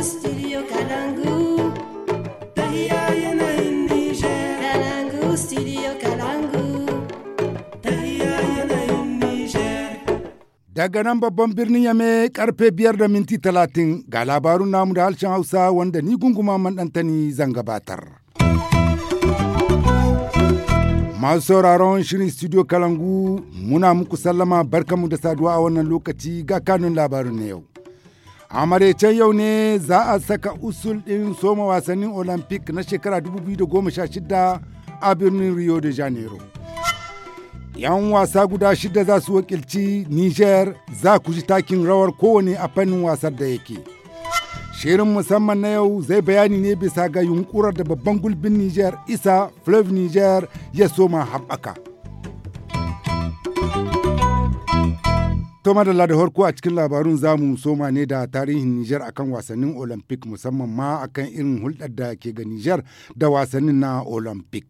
studio Daga nan babban birnin Yame karfe biyar da minti talatin ga labarun namu da harshen Hausa wanda ni gunguma man ɗantani zan gabatar. Masu sauraron shirin studio Kalangu muna muku sallama barkamu da saduwa a wannan lokaci ga kanun labarin na yau. a maraicen yau ne za a saka usul ɗin soma wasannin olympic na shekara 2016 a birnin rio de janeiro yan wasa guda shida za su wakilci niger za ku ji takin rawar kowane a fannin wasar da yake shirin musamman na yau zai bayani ne bisa ga yunkurar da babban gulbin niger isa flav niger ya soma haɓaka. To madalla da harko a cikin labarun zamu soma ne da tarihin Nijar akan wasannin Olympic musamman ma akan irin hulɗar da ke ga Nijar da wasannin na Olympic.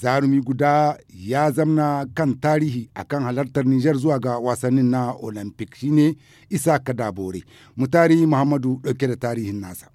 Zarumi guda ya zamna kan tarihi akan halartar Nijar zuwa ga wasannin na Olympic shine Isa Kadabore. Mutari Muhammadu ɗauke da tarihin nasa.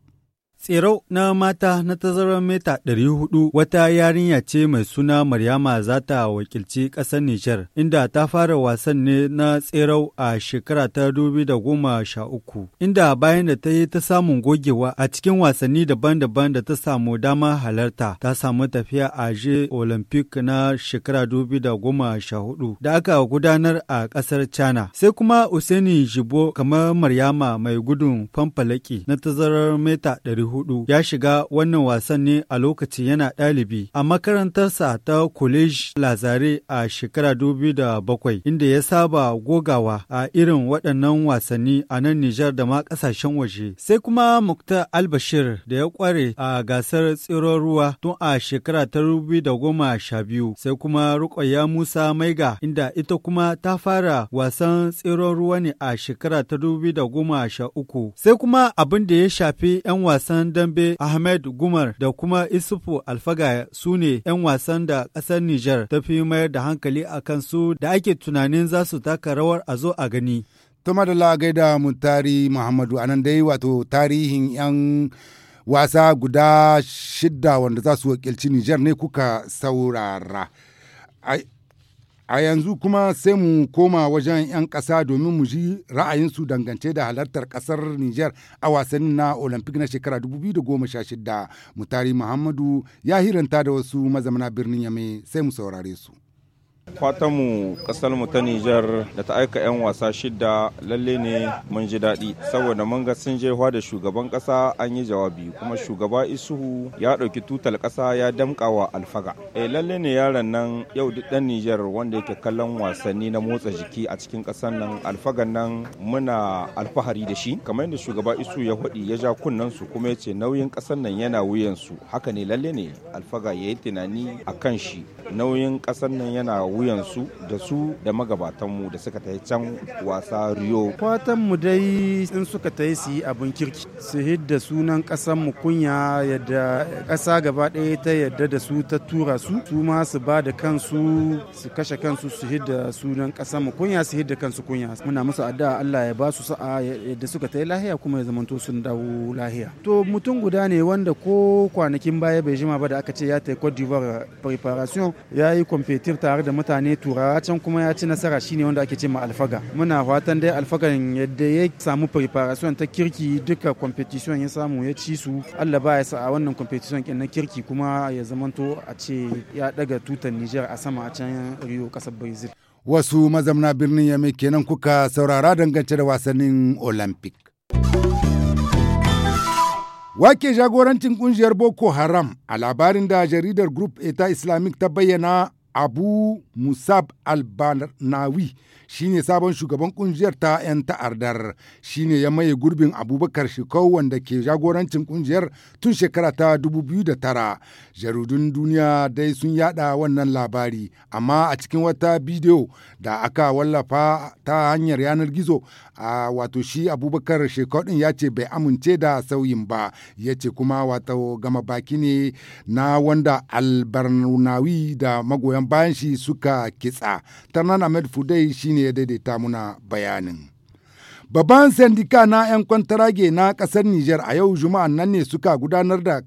Tsirau na mata na tazarar mita 400 wata yarinya ce mai suna Maryama za ta wakilci ƙasar Nijar, inda ta fara wasan ne na tsirau a shekara ta 2013, inda bayan da ta yi ta samun gogewa a cikin wasanni daban-daban da ta samu dama halarta, ta samu tafiya a je Olympic na shekara 2014 da aka gudanar a ƙasar China. Sai kuma Usaini Jibo kamar Maryama mai gudun fanfalaki na tazarar mita 400. hudu ya shiga wannan wasan ne a lokaci yana ɗalibi a makarantarsa ta College Lazare a shekara da bakwai, inda ya saba gogawa a irin waɗannan wasanni a nan Nijar da ma ƙasashen waje. Sai kuma Muktar Albashir da ya ƙware a gasar tsiron ruwa tun a shekara ta da goma sha biyu, sai kuma rukwaya Musa Maiga inda ita kuma ta fara wasan tsiron ruwa ne a shekara ta da goma sha uku, sai kuma abin da ya shafi 'yan wasan wasan dambe Ahmed Gumar da kuma Isufu Alfaga su ne 'yan wasan da ƙasar Nijar ta fi mayar da hankali a su da ake tunanin za su taka rawar a zo a gani. Tuma da Mutari Muhammadu anan dai wato tarihin 'yan wasa guda shidda wanda za su wakilci Nijar ne kuka saurara. A yanzu kuma sai mu koma wajen 'yan ƙasa domin mu ji ra'ayinsu dangance da halartar ƙasar Nijar a wasannin na Olympic na shekara 2016. Mutari Muhammadu ya hiranta da wasu mazamana birnin Yame sai mu saurare su. fatanmu mu ta Nijar da ta aika 'yan wasa shidda lalle ne mun ji daɗi saboda mun ga sun je da shugaban ƙasa an yi jawabi kuma shugaba Isuhu ya ɗauki tutal ƙasa ya damƙa wa alfaga. E lalle ne yaron nan yau duk ɗan Nijar wanda yake kallon wasanni na motsa jiki a cikin ƙasar nan alfagan nan muna alfahari da shi kamar yadda shugaba Isu ya faɗi ya ja kunnen su kuma ya ce nauyin ƙasar nan yana wuyan su haka ne lalle ne alfaga ya yi tunani a kan shi nauyin ƙasar nan yana wuyan wuyansu da su da magabatanmu da suka yi can wasa Rio. mu dai in suka yi su yi abin kirki su hidda sunan mu kunya yadda ƙasa gaba ɗaya ta yadda da su ta tura su su ma su ba da kansu su kashe kansu su hidda sunan mu kunya su hidda kansu kunya muna musu addu'a Allah ya ba su sa'a yadda suka yi lahiya kuma ya zamanto sun dawo lahiya. To mutum guda ne wanda ko kwanakin baya bai jima ba da aka ce ya yi Cote d'Ivoire preparation ya yi tare da mutane mutane turawa can kuma ya ci nasara shine wanda ake ce ma alfaga muna fatan dai alfagan yadda ya samu preparation ta kirki duka competition ya samu ya ci su Allah ba ya sa a wannan competition kin na kirki kuma ya zamanto a ce ya daga tutar Niger a sama a can Rio kasar Brazil wasu mazamna birnin Yamai kenan kuka saurara dangance da wasannin Olympic Wake jagorancin kungiyar Boko Haram a labarin da jaridar Group Eta Islamic ta bayyana Abu Musab albanawi. shine sabon shugaban kungiyar ta 'yan ta'ardar shine ya maye gurbin abubakar shekau wanda ke jagorancin kungiyar tun shekara ta 2009 jaridun duniya dai sun yada wannan labari amma a cikin wata bidiyo da aka wallafa ta hanyar yanar gizo a wato shi abubakar shekau din ya ce bai amince da sauyin ba ya ce kuma wato gama baki ne na wanda albarnawi da magoyan bayan shi suka kitsa fudai shine ya daidaita muna bayanin. Babban sandika na 'yan kwantarage na ƙasar Nijar a yau Juma'an nan ne suka gudanar da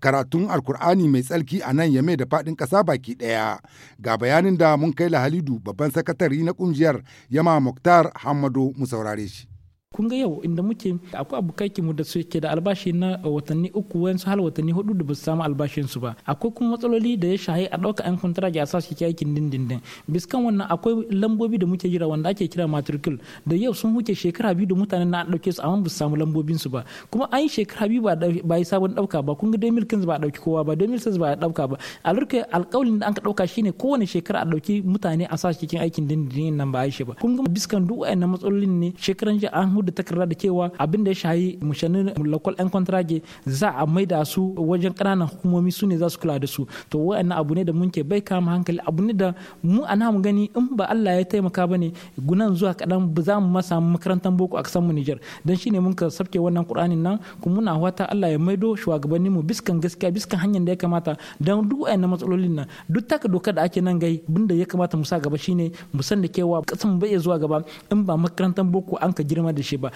karatun Alkur'ani mai tsarki a nan yame da faɗin ƙasa baki ɗaya. Ga bayanin da mun kai la Halidu babban sakatari na ƙungiyar Yama Muktar hamadu mu saurare shi. kun ga yau inda muke akwai abokai mu da su ke da albashi na uh, watanni uku wayansu hal watanni hudu da ba su samu albashin su ba akwai kuma matsaloli da ya shahi a ɗauka yan kontraki a sa ke aikin dindindin biskan wannan akwai lambobi da muke jira wanda ake kira matricule da yau sun huce shekara biyu da mutanen na ɗauke su amma ba su samu lambobin su ba kuma an yi shekara biyu ba yi sabon ɗauka ba kun ga demil kins ba a ɗauki kowa ba demil sins ba a ɗauka ba alurka alƙawalin da an ka ɗauka shine kowane shekara a ɗauki mutane a sa cikin aikin dindindin nan ba a yi shi ba kun ga biskan duk waɗannan matsalolin ne shekaran jiya an da takarda da cewa abin da ya shayi mushannin lokal yan kwantarage za a da su wajen ƙananan hukumomi su ne za su kula da su to wa'annan abu ne da mun ke bai kama hankali abu ne da mu a namu gani in ba Allah ya taimaka ba ne gunan zuwa kaɗan ba za mu masa makarantar boko a ƙasar mu Nijar dan shine mun ka sabke wannan Qur'anin nan kuma muna wata Allah ya maido shugabannin mu biskan gaskiya biskan hanyar da ya kamata dan duk wa'annan matsalolin nan duk taka doka da ake nan gai bunda ya kamata mu sa gaba shine mu san da cewa ƙasar mu bai zuwa gaba in ba makarantar boko an ka girma da shi dace ba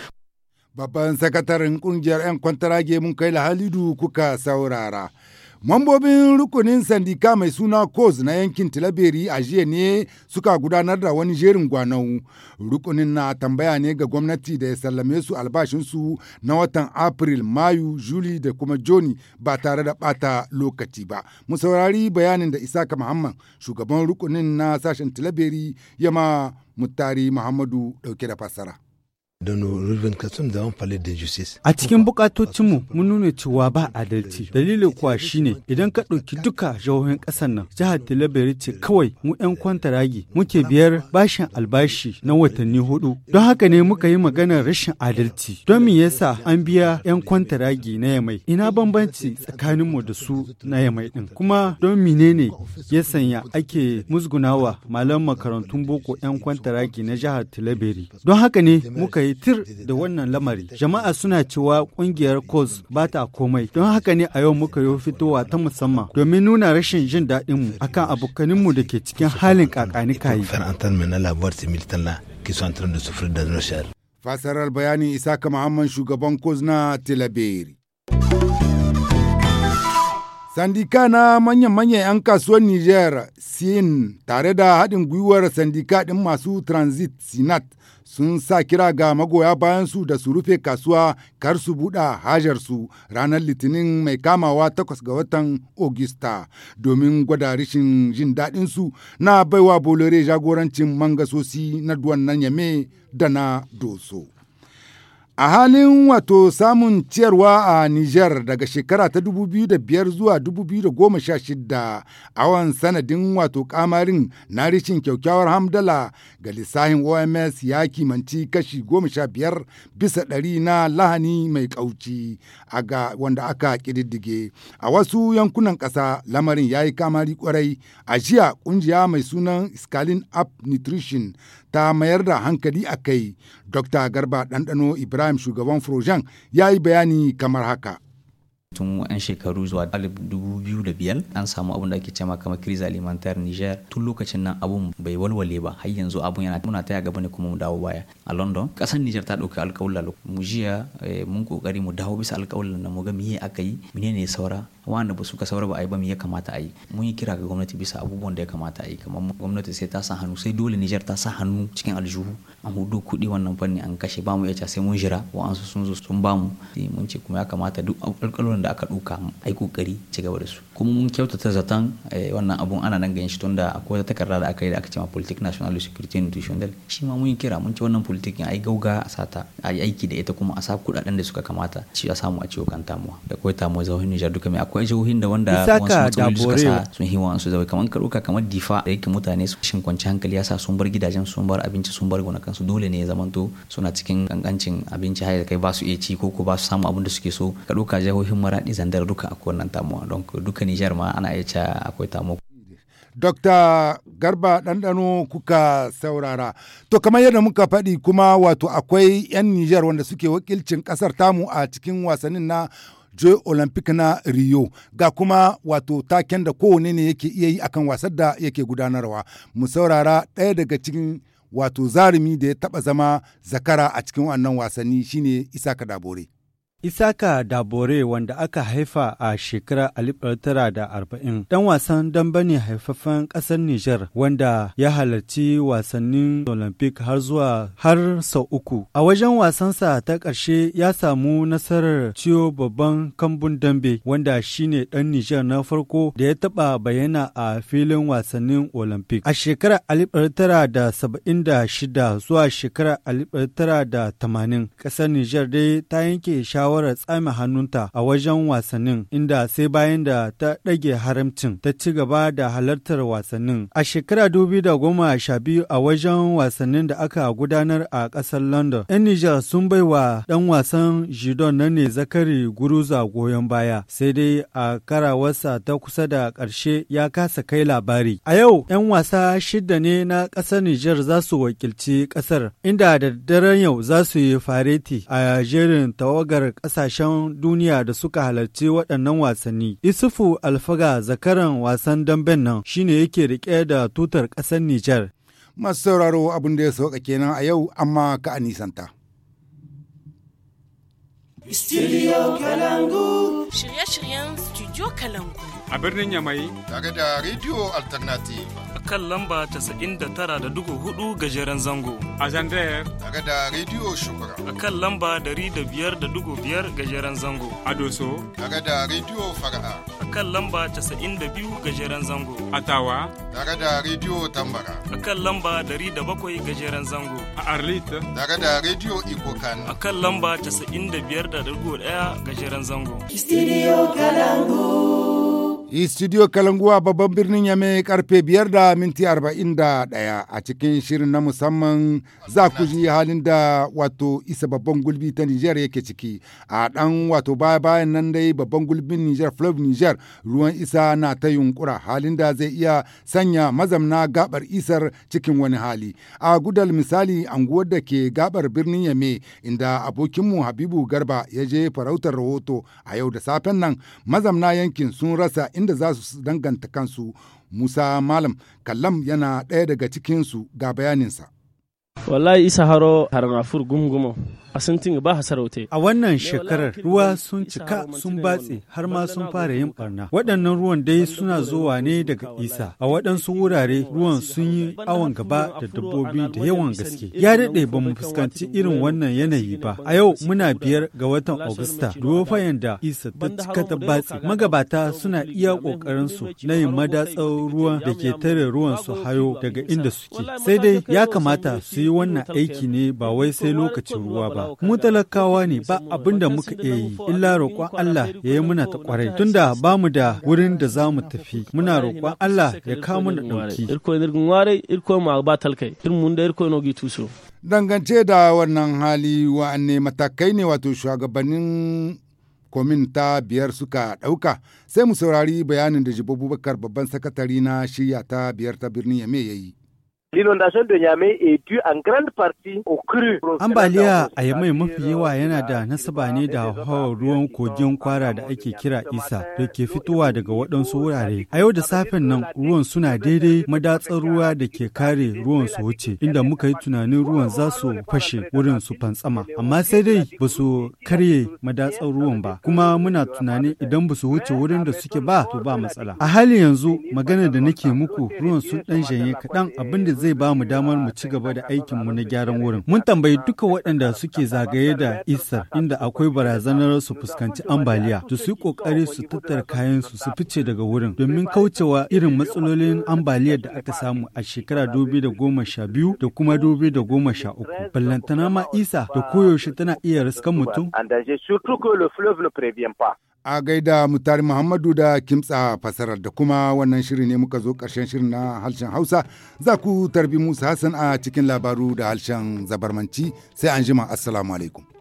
babban sakataren kungiyar 'yan kwantarage mun kai halidu kuka saurara mambobin rukunin sandika mai suna cos na yankin tilaberi a jiya ne suka gudanar da wani jerin gwanau rukunin na tambaya ne ga gwamnati da ya sallame su albashinsu na watan april mayu juli da kuma joni ba tare da bata lokaci ba mu saurari bayanin da isaka muhammad shugaban rukunin na sashen tilaberi ma mutari muhammadu dauke da fassara A cikin bukatocinmu mun nuna cewa ba adalci. Dalili kuwa shine idan ka ɗauki duka jihohin ƙasar nan, jihar Talabari ce kawai mu 'yan kwantaragi muke biyar bashin albashi na watanni hudu. Don haka ne muka yi maganar rashin adalci. Don me yasa an biya 'yan kwantaragi na yamai? Ina bambanci tsakaninmu da su na yamai ɗin. Kuma don menene ya sanya ake musgunawa malam makarantun boko 'yan kwantaragi na jihar Talabari? Don haka ne muka yi yi tir da wannan lamari. Jama'a suna cewa kungiyar COS ba ta komai. Don haka ne a yau muka yi fitowa ta musamman domin nuna rashin jin daɗinmu akan abokaninmu da ke cikin halin kakanikayi. Fasarar bayanin Isaka Muhammad shugaban COS na tilabiri Sandika na manyan-manyan 'yan kasuwar Niger, Sin, tare da haɗin gwiwar sandika ɗin masu transit Sinat sun sa kira ga magoya bayansu da su rufe kasuwa kar su buɗa hajarsu ranar litinin mai kamawa takwas ga watan Ogista domin gwada rishin jin daɗinsu na baiwa bolore jagorancin mangasosi na duwannan yame da na doso. A halin wato samun ciyarwa a Nijar daga shekara ta 2005 zuwa sha 2016 awan sanadin wato kamarin na rishin kyaukyawar hamdala ga lissahin OMS ya kimanci kashi 15 bisa ɗari na lahani mai kauci aga wanda aka ƙididdige. A wasu yankunan ƙasa lamarin ya yi kamari kwarai a jiya ƙungiya mai sunan Scaling Up Nutrition ta mayar da hankali a kai. Dr. Garba Ɗanɗano Ibrahim Ibrahim shugaban Frojan ya yi bayani kamar haka. tun an shekaru zuwa da biyar an samu abin da ake cema kamar crise alimentaire niger tun lokacin nan abun bai walwale ba har yanzu abun yana muna taya gaba ne kuma mu dawo baya a london kasar niger ta dauki alkawalla mu jiya eh, mun kokari mu dawo bisa alkawallan na mu ga miye aka yi menene saura wanda ba su ka saura ba a yi ba ya kamata a yi mun yi kira ga gwamnati bisa abubuwan da ya kamata a yi kamar gwamnati sai ta sa hannu sai dole Nijar ta sa hannu cikin aljihu an hudu kuɗi wannan fanni an kashe ba mu iya sai mun jira wa'ansu sun zo sun ba mu eh, mun ce kuma ya kamata duk alƙalon da aka ɗuka a yi ƙoƙari ci gaba da su kuma mun kyautata zaton eh, wannan abun ana nan ganin shi tun da akwai wata takarda da aka yi da aka ce ma politik national security institutional shi ma mun yi kira mun ce wannan politikin a yi gauga a sata a yi aiki da ita kuma a sa kuɗaɗen da suka kamata shi ya samu a ciwo kan tamuwa da kawai tamuwa zaune Nijar duka mai akwai jihohin da wanda wasu matsaloli suka sa sun yi wa'ansu zai kamar karuka kamar difa da yake mutane su shin kwanci hankali ya sa sun bar gidajen sun bar abinci sun bar su dole ne ya zamanto suna cikin kankancin abinci har da kai ba su iya ci ko ko ba su samu abin da suke so ka karuka jihohin maradi zandar duka akwai wannan tamuwa don duka Nijar ma ana iya cewa akwai tamuwa Dr. Garba ɗanɗano kuka saurara. To kamar yadda muka faɗi kuma wato akwai 'yan Nijar wanda suke wakilcin ƙasar tamu a cikin wasannin na Joy Olympic na Rio ga kuma wato taken da kowane ne yake iya yi akan wasan da yake gudanarwa. Mu saurara ɗaya daga cikin wato zarumi da ya taɓa zama zakara a cikin wannan wasanni shine Isa Kadabore. Isaka Dabore wanda aka haifa a shekara da arba'in. ɗan wasan damba ne haifafen ƙasar Nijar wanda ya halarci wasannin Olympic har zuwa har sau uku. A wajen wasansa ta ƙarshe ya samu nasarar ciyo babban kambun dambe wanda shine ɗan Nijar na farko da ya taɓa bayyana a filin wasannin Olympic. A shekara da saba'in da shida zuwa shekara da tamanin, ƙasar Nijar dai ta yanke shawara shawarar tsame hannunta a wajen wasannin inda sai bayan da ta ɗage haramcin ta ci gaba da halartar wasannin. A shekara dubi da sha biyu a wajen wasannin da aka gudanar a ƙasar London, 'yan Nijar sun bai wa ɗan wasan Jidon na ne Zakari Guruza goyon baya, sai dai a karawarsa ta kusa da ƙarshe ya kasa kai labari. A yau, 'yan wasa shidda ne na ƙasar Nijar za su wakilci ƙasar, inda da daren yau za su yi fareti a jerin tawagar ƙasashen duniya da suka halarci waɗannan wasanni. Isufu Alfaga zakaran wasan damben nan shine yake riƙe da tutar ƙasar Nijar. Masu sauraro abin da ya sauka kenan a yau amma ka a nisanta. Studio Kalangu. Shirye-shiryen Studio Kalangu. A birnin Yamai. Tare da Radio Alternative. A kan lamba tara da dugu hudu gajeren zango. A Zandayar. Tare da Radio Shukura. A kan lamba dari da da dugu biyar gajeren zango. A Doso. Tare da Radio Fara'a. akan lamba 92 gajeren zango. Atawa. Tare da Radio Tambara. Akan lamba 107 gajeren zango. A Arlita. Tare da Radio Ikokan. Akan lamba 95.1 gajeren zango. Studio Kalangu. Studio Kalanguwa babban birnin Yame karfe biyar da minti arba'in da ɗaya a cikin shirin na musamman za ku ji halin da wato isa babban gulbi ta Nijar yake ciki. A dan wato baya bayan nan dai babban gulbin Nijar Flop Nijar ruwan isa na ta yunkura halin da zai iya sanya mazamna gabar isar cikin wani hali. A gudal misali anguwar da ke gabar birnin Yame inda abokinmu Habibu Garba ya je farautar rahoto a yau da safen nan mazamna yankin sun rasa inda za su danganta kansu Musa Malam Kallam yana ɗaya daga cikinsu ga bayaninsa. Wallahi isa haro fur gumgumo A ba A wannan shekarar ruwa sun cika sun batse har ma sun fara yin barna. Waɗannan ruwan dai suna zuwa ne daga isa. A waɗansu wurare ruwan sun yi awon gaba da dabbobi da yawan gaske. Ya daɗe ba mu fuskanci irin wannan yanayi ba. A yau muna biyar ga watan Agusta. Duwa fayan da isa ta cika ta batse. Magabata suna iya ƙoƙarinsu na yin madatsar ruwan da ke tare ruwan su hayo daga inda suke. Sai dai ya kamata su yi wannan aiki ne ba wai sai lokacin ruwa ba. ba. Mu talakawa ne ba abin da muka iya yi, illa roƙon Allah ya yi muna ta ƙwarai. Tunda ba mu da wurin da za mu tafi, muna roƙon Allah ya kawo mana ɗauki. Dangance da wannan hali wa'anne matakai ne wato shugabannin komin ta biyar suka ɗauka sai mu saurari bayanin da jibo babban sakatari na shirya ta biyar ta birnin yame ya yi. L'inondation de Niamey est due en grande partie au cru. Ambaliya a Yamai mafi yawa yana da nasaba ne da hawan ruwan kogin kwara da ake kira Isa da ke fitowa daga waɗansu wurare. A yau da safen nan ruwan suna daidai madatsar ruwa da ke kare ruwan su wuce inda muka yi tunanin ruwan za su fashe wurin su fantsama. Amma sai dai ba su karye madatsar ruwan ba kuma muna tunanin idan ba su wuce wurin da suke ba to ba matsala. A halin yanzu magana da nake muku ruwan sun ɗan janye kaɗan abin da zai ba mu damar mu ci gaba da aikinmu na gyaran wurin. Mun tambayi duka waɗanda suke zagaye da isar inda akwai barazanar su fuskanci ambaliya da su yi ƙoƙari su tattara kayan su su fice daga wurin domin kaucewa irin matsalolin ambaliya da aka samu a shekara dubi da goma sha biyu da kuma dubi da goma sha uku. Ballantana ma isa da koyaushe tana iya riskan mutum. Uh, a gaida mutari muhammadu da kimtsa fasarar da kuma wannan shiri ne muka zo karshen shirin na harshen hausa za ku tarbi musa hassan a cikin labaru da harshen zabarmanci sai an jima assalamu alaikum